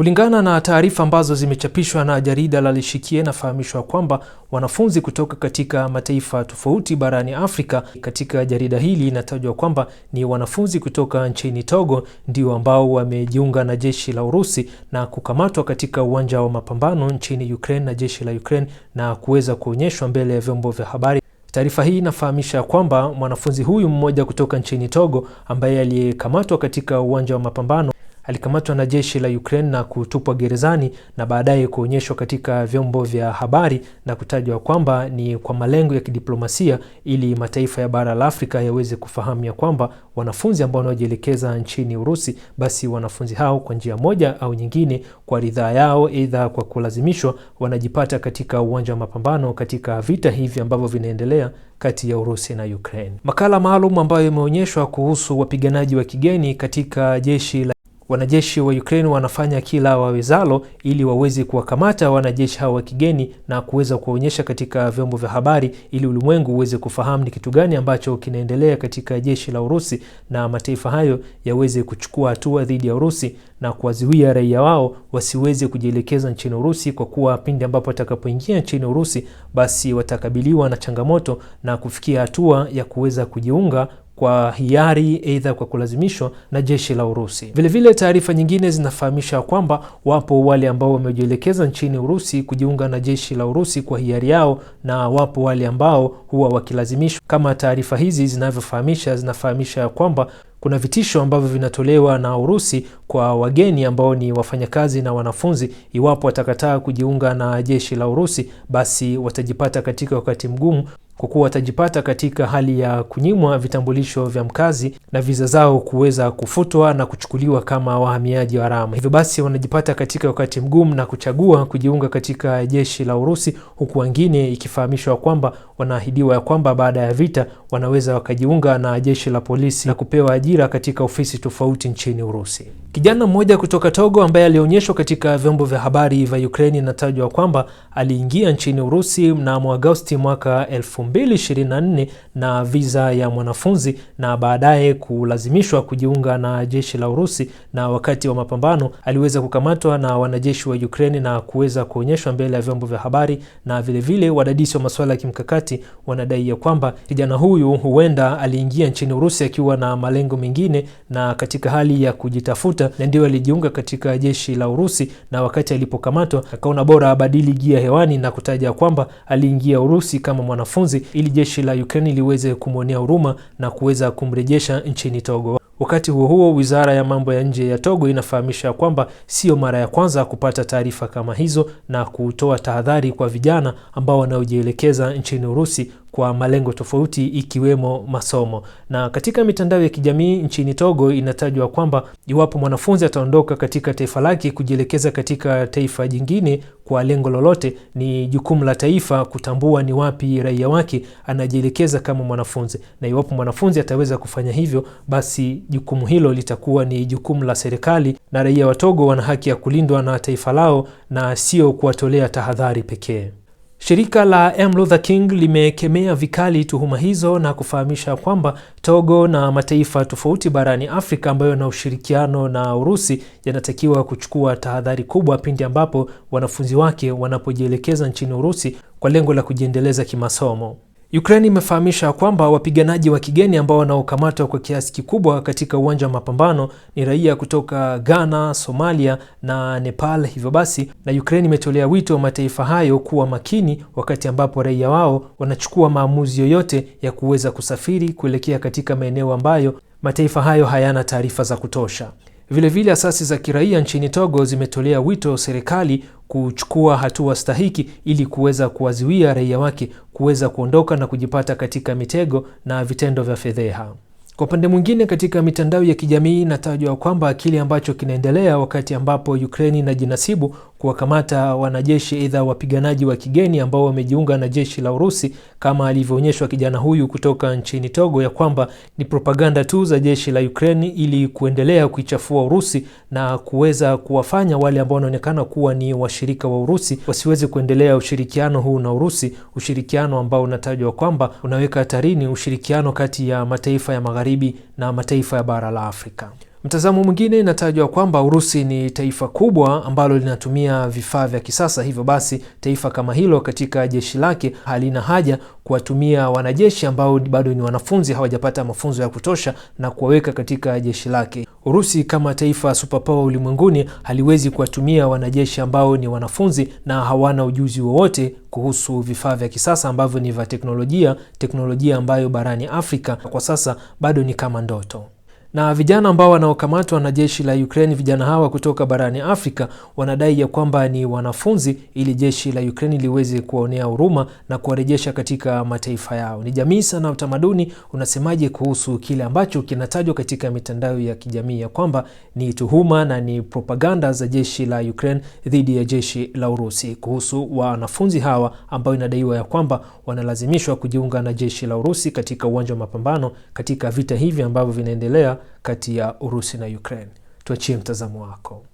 Kulingana na taarifa ambazo zimechapishwa na jarida la Lishikie, nafahamishwa kwamba wanafunzi kutoka katika mataifa tofauti barani Afrika, katika jarida hili inatajwa kwamba ni wanafunzi kutoka nchini Togo ndio ambao wamejiunga na jeshi la Urusi na kukamatwa katika uwanja wa mapambano nchini Ukraine na jeshi la Ukraine na kuweza kuonyeshwa mbele ya vyombo vya habari. Taarifa hii inafahamisha kwamba mwanafunzi huyu mmoja kutoka nchini Togo ambaye aliyekamatwa katika uwanja wa mapambano alikamatwa na jeshi la Ukraine na kutupwa gerezani na baadaye kuonyeshwa katika vyombo vya habari na kutajwa kwamba ni kwa malengo ya kidiplomasia ili mataifa ya bara la Afrika yaweze kufahamu ya kwamba wanafunzi ambao wanaojielekeza nchini Urusi, basi wanafunzi hao kwa njia moja au nyingine, kwa ridhaa yao, aidha kwa kulazimishwa, wanajipata katika uwanja wa mapambano katika vita hivi ambavyo vinaendelea kati ya Urusi na Ukraine. Makala maalum ambayo imeonyeshwa kuhusu wapiganaji wa kigeni katika jeshi la Wanajeshi wa Ukraine wanafanya kila wawezalo ili waweze kuwakamata wanajeshi hao wa kigeni na kuweza kuwaonyesha katika vyombo vya habari ili ulimwengu uweze kufahamu ni kitu gani ambacho kinaendelea katika jeshi la Urusi na mataifa hayo yaweze kuchukua hatua dhidi ya Urusi na kuwazuia raia wao wasiweze kujielekeza nchini Urusi, kwa kuwa pindi ambapo watakapoingia nchini Urusi basi watakabiliwa na changamoto na kufikia hatua ya kuweza kujiunga kwa hiari, aidha kwa kulazimishwa na jeshi la Urusi. Vilevile, taarifa nyingine zinafahamisha kwamba wapo wale ambao wamejielekeza nchini Urusi kujiunga na jeshi la Urusi kwa hiari yao na wapo wale ambao huwa wakilazimishwa. Kama taarifa hizi zinavyofahamisha, zinafahamisha kwamba kuna vitisho ambavyo vinatolewa na Urusi kwa wageni ambao ni wafanyakazi na wanafunzi. Iwapo watakataa kujiunga na jeshi la Urusi, basi watajipata katika wakati mgumu, kwa kuwa watajipata katika hali ya kunyimwa vitambulisho vya mkazi na viza zao kuweza kufutwa na kuchukuliwa kama wahamiaji haramu. Hivyo basi wanajipata katika wakati mgumu na kuchagua kujiunga katika jeshi la Urusi, huku wengine ikifahamishwa kwamba wanaahidiwa ya kwamba baada ya vita wanaweza wakajiunga na jeshi la polisi na kupewa ajira katika ofisi tofauti nchini Urusi. Kijana mmoja kutoka Togo ambaye alionyeshwa katika vyombo vya habari vya Ukraini inatajwa kwamba aliingia nchini Urusi mnamo Agosti mwaka 2024 na viza ya mwanafunzi na baadaye kulazimishwa kujiunga na jeshi la Urusi, na wakati wa mapambano aliweza kukamatwa na wanajeshi wa Ukraini na kuweza kuonyeshwa mbele ya vyombo vya habari, na vilevile wadadisi wa masuala ya kimkakati wanadai ya kwamba kijana huyu huenda aliingia nchini Urusi akiwa na malengo mengine na katika hali ya kujitafuta, na ndio alijiunga katika jeshi la Urusi, na wakati alipokamatwa akaona bora abadili gia hewani na kutaja kwamba aliingia Urusi kama mwanafunzi ili jeshi la Ukraine liweze kumwonea huruma na kuweza kumrejesha nchini Togo. Wakati huo huo, wizara ya mambo ya nje ya Togo inafahamisha kwamba sio mara ya kwanza kupata taarifa kama hizo na kutoa tahadhari kwa vijana ambao wanaojielekeza nchini Urusi kwa malengo tofauti ikiwemo masomo. Na katika mitandao ya kijamii nchini Togo inatajwa kwamba iwapo mwanafunzi ataondoka katika taifa lake kujielekeza katika taifa jingine kwa lengo lolote, ni jukumu la taifa kutambua ni wapi raia wake anajielekeza kama mwanafunzi, na iwapo mwanafunzi ataweza kufanya hivyo, basi jukumu hilo litakuwa ni jukumu la serikali, na raia wa Togo wana haki ya kulindwa na taifa lao na sio kuwatolea tahadhari pekee. Shirika la M Luther King limekemea vikali tuhuma hizo na kufahamisha kwamba Togo na mataifa tofauti barani Afrika ambayo na ushirikiano na Urusi yanatakiwa kuchukua tahadhari kubwa pindi ambapo wanafunzi wake wanapojielekeza nchini Urusi kwa lengo la kujiendeleza kimasomo. Ukraine imefahamisha kwamba wapiganaji wa kigeni ambao wanaokamatwa kwa kiasi kikubwa katika uwanja wa mapambano ni raia kutoka Ghana, Somalia na Nepal. Hivyo basi, na Ukraine imetolea wito wa mataifa hayo kuwa makini wakati ambapo raia wao wanachukua maamuzi yoyote ya kuweza kusafiri kuelekea katika maeneo ambayo mataifa hayo hayana taarifa za kutosha. Vilevile, asasi za kiraia nchini Togo zimetolea wito serikali kuchukua hatua stahiki ili kuweza kuwazuia raia wake kuweza kuondoka na kujipata katika mitego na vitendo vya fedheha. Kwa upande mwingine, katika mitandao ya kijamii inatajwa kwamba kile ambacho kinaendelea wakati ambapo Ukraini inajinasibu kuwakamata wanajeshi aidha wapiganaji wa kigeni ambao wamejiunga na jeshi la Urusi, kama alivyoonyeshwa kijana huyu kutoka nchini Togo, ya kwamba ni propaganda tu za jeshi la Ukraine ili kuendelea kuichafua Urusi na kuweza kuwafanya wale ambao wanaonekana kuwa ni washirika wa Urusi wasiweze kuendelea ushirikiano huu na Urusi, ushirikiano ambao unatajwa kwamba unaweka hatarini ushirikiano kati ya mataifa ya Magharibi na mataifa ya bara la Afrika. Mtazamo mwingine inatajwa kwamba Urusi ni taifa kubwa ambalo linatumia vifaa vya kisasa, hivyo basi taifa kama hilo katika jeshi lake halina haja kuwatumia wanajeshi ambao bado ni wanafunzi, hawajapata mafunzo ya kutosha na kuwaweka katika jeshi lake. Urusi kama taifa superpower ulimwenguni haliwezi kuwatumia wanajeshi ambao ni wanafunzi na hawana ujuzi wowote kuhusu vifaa vya kisasa ambavyo ni vya teknolojia, teknolojia ambayo barani Afrika kwa sasa bado ni kama ndoto. Na vijana ambao wanaokamatwa na jeshi la Ukraine, vijana hawa kutoka barani Afrika wanadai ya kwamba ni wanafunzi ili jeshi la Ukraine liweze kuwaonea huruma na kuwarejesha katika mataifa yao. Ni jamii sana, utamaduni unasemaje kuhusu kile ambacho kinatajwa katika mitandao ya kijamii ya kwamba ni tuhuma na ni propaganda za jeshi la Ukraine dhidi ya jeshi la Urusi kuhusu wanafunzi hawa ambao inadaiwa ya kwamba wanalazimishwa kujiunga na jeshi la Urusi katika uwanja wa mapambano katika vita hivi ambavyo vinaendelea kati ya Urusi na Ukraine. Tuachie mtazamo wako.